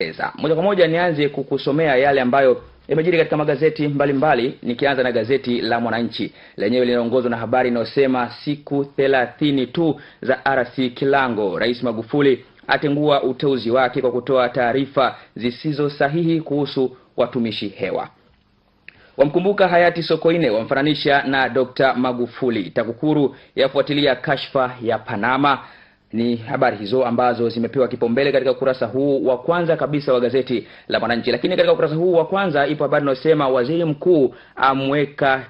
Eza. Moja kwa moja nianze kukusomea yale ambayo yamejiri katika magazeti mbalimbali mbali, nikianza na gazeti la Mwananchi lenyewe linaongozwa na habari inayosema siku thelathini tu za RC Kilango, Rais Magufuli atengua uteuzi wake kwa kutoa taarifa zisizo sahihi kuhusu watumishi hewa. Wamkumbuka hayati Sokoine, wamfananisha na Dr. Magufuli. TAKUKURU yafuatilia kashfa ya Panama. Ni habari hizo ambazo zimepewa kipaumbele katika ukurasa huu wa kwanza kabisa wa gazeti la Mwananchi. Lakini katika ukurasa huu wa kwanza ipo habari inayosema waziri mkuu amweka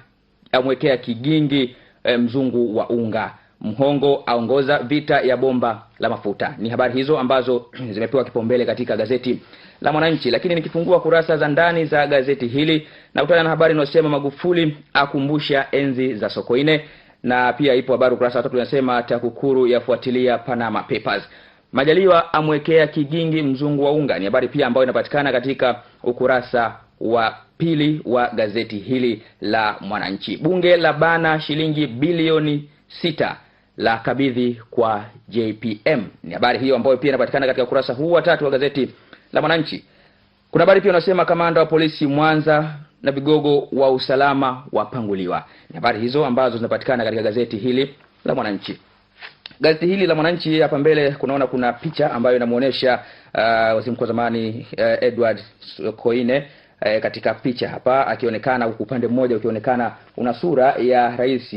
amwekea kigingi e, mzungu wa unga Mhongo aongoza vita ya bomba la mafuta. Ni habari hizo ambazo zimepewa kipaumbele katika gazeti la Mwananchi. Lakini nikifungua kurasa za ndani za gazeti hili nakutana na habari inayosema Magufuli akumbusha enzi za Sokoine, na pia ipo habari ukurasa wa tatu inasema TAKUKURU yafuatilia Panama Papers. Majaliwa amwekea kigingi mzungu wa unga, ni habari pia ambayo inapatikana katika ukurasa wa pili wa gazeti hili la Mwananchi. Bunge la bana shilingi bilioni sita la kabidhi kwa JPM, ni habari hiyo ambayo pia inapatikana katika ukurasa huu wa tatu wa gazeti la Mwananchi. Kuna habari pia unasema kamanda wa polisi Mwanza na vigogo wa usalama wapanguliwa. Ni habari hizo ambazo zinapatikana katika gazeti hili la Mwananchi. Gazeti hili la Mwananchi hapa mbele kunaona kuna picha ambayo inamuonesha uh, waziri mkuu wa zamani uh, Edward Koine uh, katika picha hapa akionekana, huku upande mmoja ukionekana una sura ya rais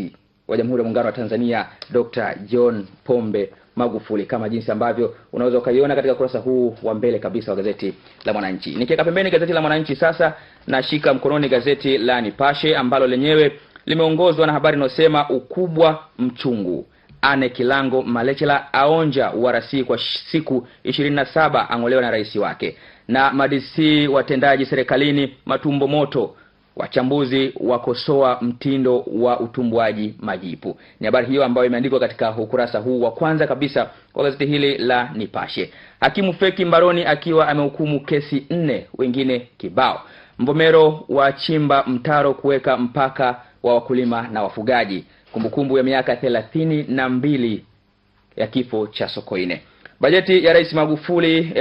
wa Jamhuri ya Muungano wa Tanzania Dr. John Pombe Magufuli, kama jinsi ambavyo unaweza ukaiona katika ukurasa huu wa mbele kabisa wa gazeti la Mwananchi. Nikiweka pembeni gazeti la Mwananchi, sasa nashika mkononi gazeti la Nipashe ambalo lenyewe limeongozwa na habari inayosema ukubwa mchungu Ane Kilango Malechela aonja uarasi kwa siku 27 ang'olewa na rais wake, na madisi watendaji serikalini matumbo moto Wachambuzi wakosoa mtindo wa utumbwaji majipu. Ni habari hiyo ambayo imeandikwa katika ukurasa huu wa kwanza kabisa wa gazeti hili la Nipashe. Hakimu feki mbaroni akiwa amehukumu kesi nne, wengine kibao. Mvomero wa chimba mtaro kuweka mpaka wa wakulima na wafugaji. Kumbukumbu ya miaka thelathini na mbili ya kifo cha Sokoine. Bajeti ya Rais Magufuli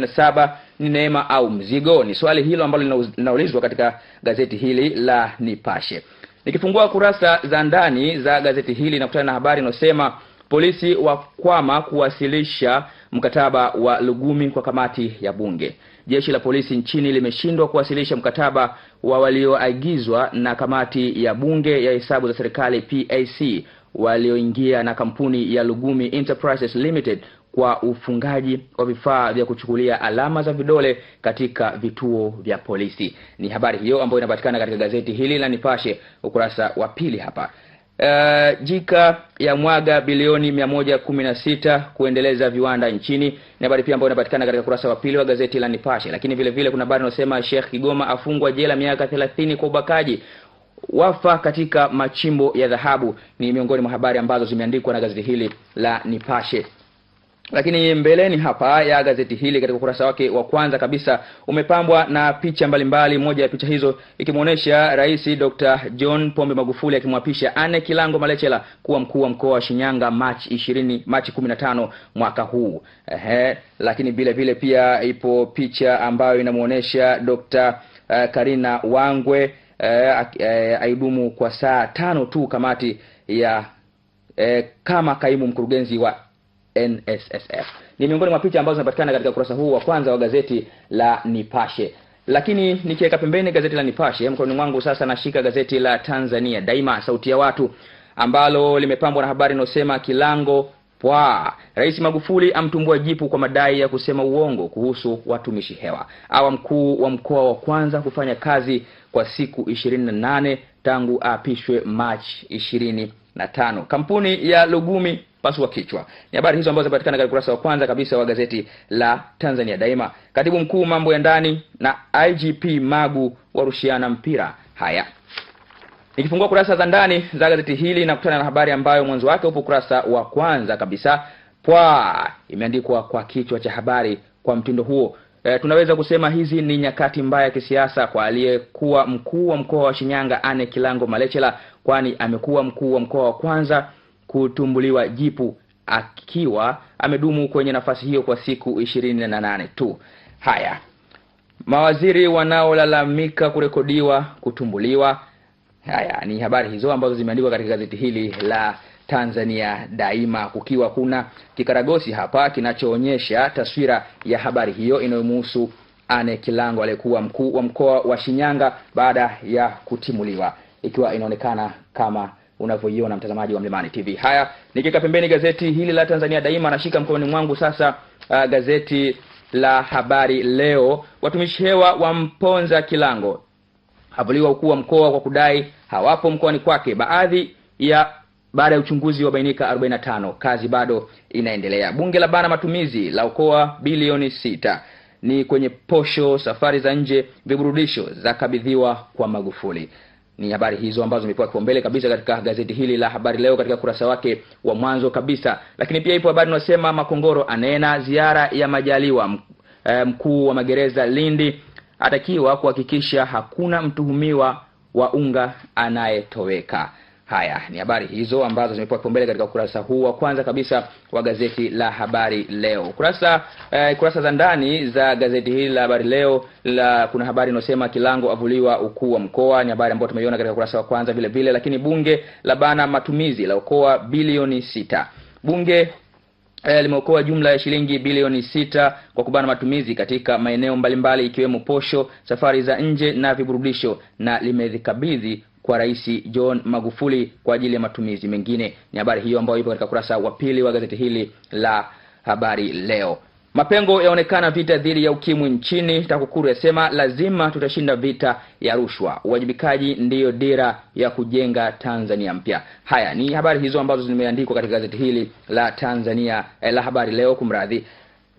na saba ni neema au mzigo? Ni swali hilo ambalo linaulizwa katika gazeti hili la Nipashe. Nikifungua kurasa za ndani za gazeti hili nakutana na habari inayosema polisi wakwama kuwasilisha mkataba wa Lugumi kwa kamati ya Bunge. Jeshi la polisi nchini limeshindwa kuwasilisha mkataba wa walioagizwa na kamati ya Bunge ya hesabu za serikali PAC walioingia na kampuni ya Lugumi Enterprises Limited kwa ufungaji wa vifaa vya kuchukulia alama za vidole katika vituo vya polisi. Ni habari hiyo ambayo inapatikana katika gazeti hili la Nipashe ukurasa wa pili hapa. Uh, jika ya mwaga bilioni mia moja kumi na sita kuendeleza viwanda nchini ni habari pia ambayo inapatikana katika kurasa wa pili wa gazeti la Nipashe. Lakini vile vile kuna habari inayosema Sheikh Kigoma afungwa jela miaka thelathini kwa ubakaji wafa katika machimbo ya dhahabu, ni miongoni mwa habari ambazo zimeandikwa na gazeti hili la Nipashe. Lakini mbeleni hapa ya gazeti hili katika ukurasa wake wa kwanza kabisa umepambwa na picha mbalimbali mbali, moja ya picha hizo ikimwonyesha Rais Dr. John Pombe Magufuli akimwapisha Anne Kilango malechela kuwa mkuu wa mkoa wa Shinyanga Machi 20 Machi 15 mwaka huu. Ehe, lakini vile vile pia ipo picha ambayo inamwonyesha Dr. Eh, Karina Wangwe eh, eh, aidumu kwa saa tano tu kamati ya eh, kama kaimu mkurugenzi wa NSSF. Ni miongoni mwa picha ambazo zinapatikana katika ukurasa huu wa kwanza wa gazeti la Nipashe. Lakini nikiweka pembeni gazeti la Nipashe, mkononi mwangu sasa nashika gazeti la Tanzania Daima, sauti ya watu, ambalo limepambwa na habari inayosema kilango pwa Rais Magufuli amtumbua jipu kwa madai ya kusema uongo kuhusu watumishi hewa. Awa mkuu wa mkoa wa kwanza kufanya kazi kwa siku 28 tangu aapishwe Machi 25 na tano. Kampuni ya Lugumi pasua kichwa. Ni habari hizo ambazo zinapatikana katika ukurasa wa kwanza kabisa wa gazeti la Tanzania Daima. Katibu mkuu mambo ya ndani na IGP Magu warushiana mpira. Haya, nikifungua kurasa za ndani za gazeti hili nakutana na habari ambayo mwanzo wake upo ukurasa wa kwanza kabisa. Pwa imeandikwa kwa kichwa cha habari kwa mtindo huo. E, tunaweza kusema hizi ni nyakati mbaya ya kisiasa kwa aliyekuwa mkuu wa mkoa wa Shinyanga Anne Kilango malechela kwani amekuwa mkuu wa mkoa wa kwanza kutumbuliwa jipu akiwa amedumu kwenye nafasi hiyo kwa siku ishirini na nane tu. Haya, mawaziri wanaolalamika kurekodiwa kutumbuliwa. Haya ni habari hizo ambazo zimeandikwa katika gazeti hili la Tanzania Daima, kukiwa kuna kikaragosi hapa kinachoonyesha taswira ya habari hiyo inayomuhusu Anne Kilango aliyekuwa mkuu wa mkoa wa Shinyanga baada ya kutimuliwa, ikiwa inaonekana kama unavyoiona mtazamaji wa Mlimani TV. Haya, nikika pembeni gazeti hili la Tanzania Daima, nashika mkononi mwangu sasa uh, gazeti la Habari Leo. Watumishi hewa wamponza Kilango, havuliwa ukuu wa mkoa kwa kudai hawapo mkoani kwake. Baadhi ya baada ya uchunguzi bainika 45. Kazi bado inaendelea. Bunge la bana matumizi la ukoa bilioni sita ni kwenye posho, safari za nje, viburudisho zakabidhiwa kwa Magufuli. Ni habari hizo ambazo zimepewa kipaumbele kabisa katika gazeti hili la Habari Leo katika kurasa wake wa mwanzo kabisa. Lakini pia ipo habari inasema Makongoro anena ziara ya Majaliwa, eh, mkuu wa magereza Lindi atakiwa kuhakikisha hakuna mtuhumiwa wa unga anayetoweka. Haya ni habari hizo ambazo zimepewa kipaumbele katika ukurasa huu wa kwanza kabisa wa gazeti la Habari Leo. Kurasa eh, kurasa za ndani za gazeti hili la Habari Leo la kuna habari inayosema Kilango avuliwa ukuu wa mkoa, ni habari ambayo tumeiona katika ukurasa wa kwanza vile vile, lakini bunge la bana matumizi la ukoa bilioni sita. Bunge eh, limeokoa jumla ya shilingi bilioni sita kwa kubana matumizi katika maeneo mbalimbali ikiwemo posho, safari za nje na viburudisho, na limezikabidhi kwa Rais John Magufuli kwa ajili ya matumizi mengine. Ni habari hiyo ambayo ipo katika kurasa wa pili wa gazeti hili la Habari Leo. Mapengo yaonekana vita dhidi ya ukimwi nchini. TAKUKURU yasema lazima tutashinda vita ya rushwa. Uwajibikaji ndiyo dira ya kujenga Tanzania mpya. Haya ni habari hizo ambazo zimeandikwa katika gazeti hili la Tanzania eh, la Habari Leo kumradhi.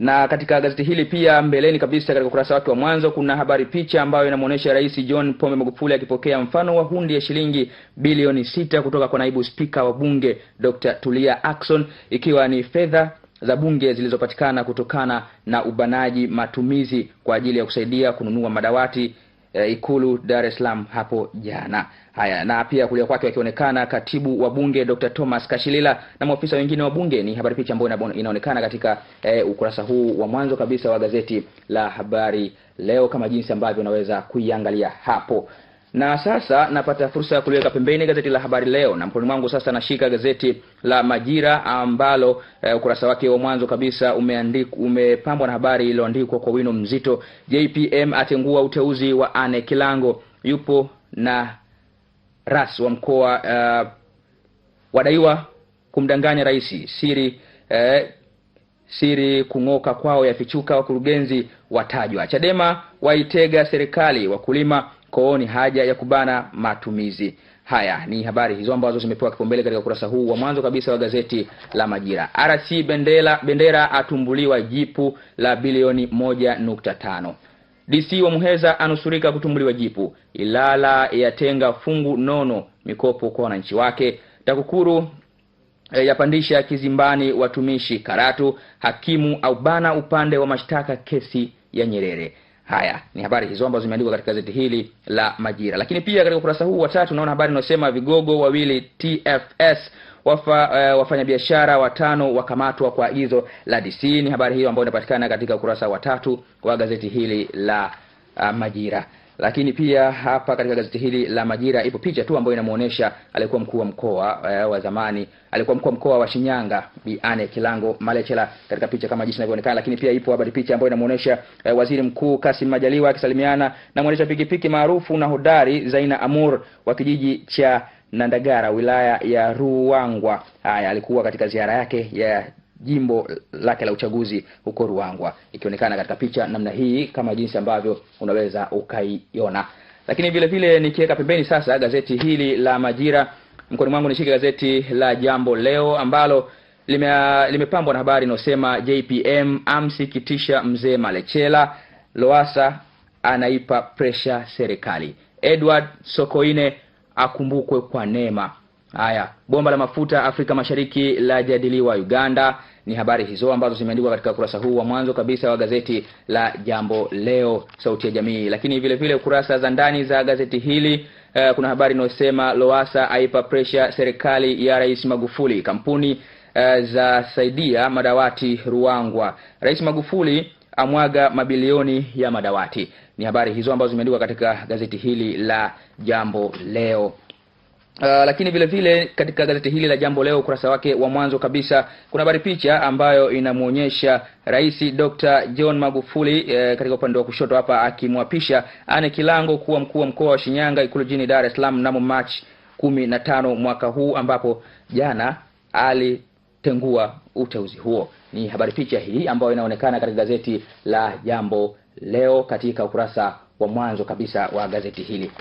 Na katika gazeti hili pia mbeleni kabisa katika ukurasa wake wa mwanzo kuna habari picha ambayo inamwonyesha Rais John Pombe Magufuli akipokea mfano wa hundi ya shilingi bilioni sita kutoka kwa naibu spika wa bunge Dr. Tulia Ackson ikiwa ni fedha za bunge zilizopatikana kutokana na ubanaji matumizi kwa ajili ya kusaidia kununua madawati eh, Ikulu Dar es Salaam hapo jana. Haya, na pia kulia kwake wakionekana katibu wa bunge Dr. Thomas Kashilila na maofisa wengine wa bunge. Ni habari picha ambayo inaonekana katika eh, ukurasa huu wa mwanzo kabisa wa gazeti la Habari Leo, kama jinsi ambavyo unaweza kuiangalia hapo. Na sasa napata fursa ya kuliweka pembeni gazeti la Habari Leo, na mkononi mwangu sasa nashika gazeti la Majira ambalo eh, ukurasa wake wa mwanzo kabisa umepambwa na habari iliyoandikwa kwa wino mzito, JPM atengua uteuzi wa Anne Kilango, yupo na ras wa mkoa eh, wadaiwa kumdanganya rais, siri eh, siri kung'oka kwao yafichuka, wakurugenzi watajwa, Chadema waitega serikali, wakulima kwao ni haja ya kubana matumizi. Haya ni habari hizo ambazo zimepewa kipaumbele katika ukurasa huu wa mwanzo kabisa wa gazeti la Majira. RC Bendera, Bendera atumbuliwa jipu la bilioni moja nukta tano. DC wa Muheza anusurika kutumbuliwa jipu. Ilala yatenga fungu nono mikopo kwa wananchi wake. TAKUKURU eh, yapandisha kizimbani watumishi Karatu. Hakimu aubana upande wa mashtaka kesi ya Nyerere. Haya ni habari hizo ambazo zimeandikwa katika gazeti hili la Majira, lakini pia katika ukurasa huu wa tatu unaona habari inayosema vigogo wawili TFS wafa, uh, wafanyabiashara watano wakamatwa kwa agizo la DC. Ni habari hiyo ambayo inapatikana katika ukurasa wa tatu wa gazeti hili la uh, Majira. Lakini pia hapa katika gazeti hili la Majira ipo picha tu ambayo inamuonesha alikuwa mkuu wa mkoa e, wa zamani, alikuwa mkuu wa mkoa wa Shinyanga Bi Anne Kilango Malechela katika picha kama jinsi inavyoonekana. Lakini pia ipo hapa picha ambayo inamuonesha e, eh, waziri mkuu Kasim Majaliwa akisalimiana na mwendesha pikipiki maarufu na hodari Zaina Amur wa kijiji cha Nandagara wilaya ya Ruangwa. Haya, alikuwa katika ziara yake ya jimbo lake la uchaguzi huko Ruangwa, ikionekana katika picha namna hii kama jinsi ambavyo unaweza ukaiona. Lakini vile vile nikiweka pembeni sasa gazeti hili la Majira mkononi mwangu, nishike gazeti la Jambo Leo ambalo lime, limepambwa na habari inayosema JPM amsikitisha mzee Malechela, Loasa anaipa presha serikali, Edward Sokoine akumbukwe kwa neema. Haya, bomba la mafuta Afrika Mashariki lajadiliwa Uganda, ni habari hizo ambazo zimeandikwa katika ukurasa huu wa mwanzo kabisa wa gazeti la Jambo Leo Sauti ya Jamii, lakini vile vile kurasa za ndani za gazeti hili uh, kuna habari inayosema loasa aipa pressure serikali ya Rais Magufuli, kampuni uh, za saidia madawati Ruangwa, Rais Magufuli amwaga mabilioni ya madawati. Ni habari hizo ambazo zimeandikwa katika gazeti hili la Jambo Leo Uh, lakini vile vile katika gazeti hili la Jambo Leo ukurasa wake wa mwanzo kabisa kuna habari picha ambayo inamwonyesha Rais Dr. John Magufuli uh, katika upande wa kushoto hapa akimwapisha Anne Kilango kuwa mkuu wa mkoa wa Shinyanga Ikulu jijini Dar es Salaam mnamo Machi kumi na tano mwaka huu ambapo jana alitengua uteuzi huo. Ni habari picha hii ambayo inaonekana katika gazeti la Jambo Leo katika ukurasa wa mwanzo kabisa wa gazeti hili.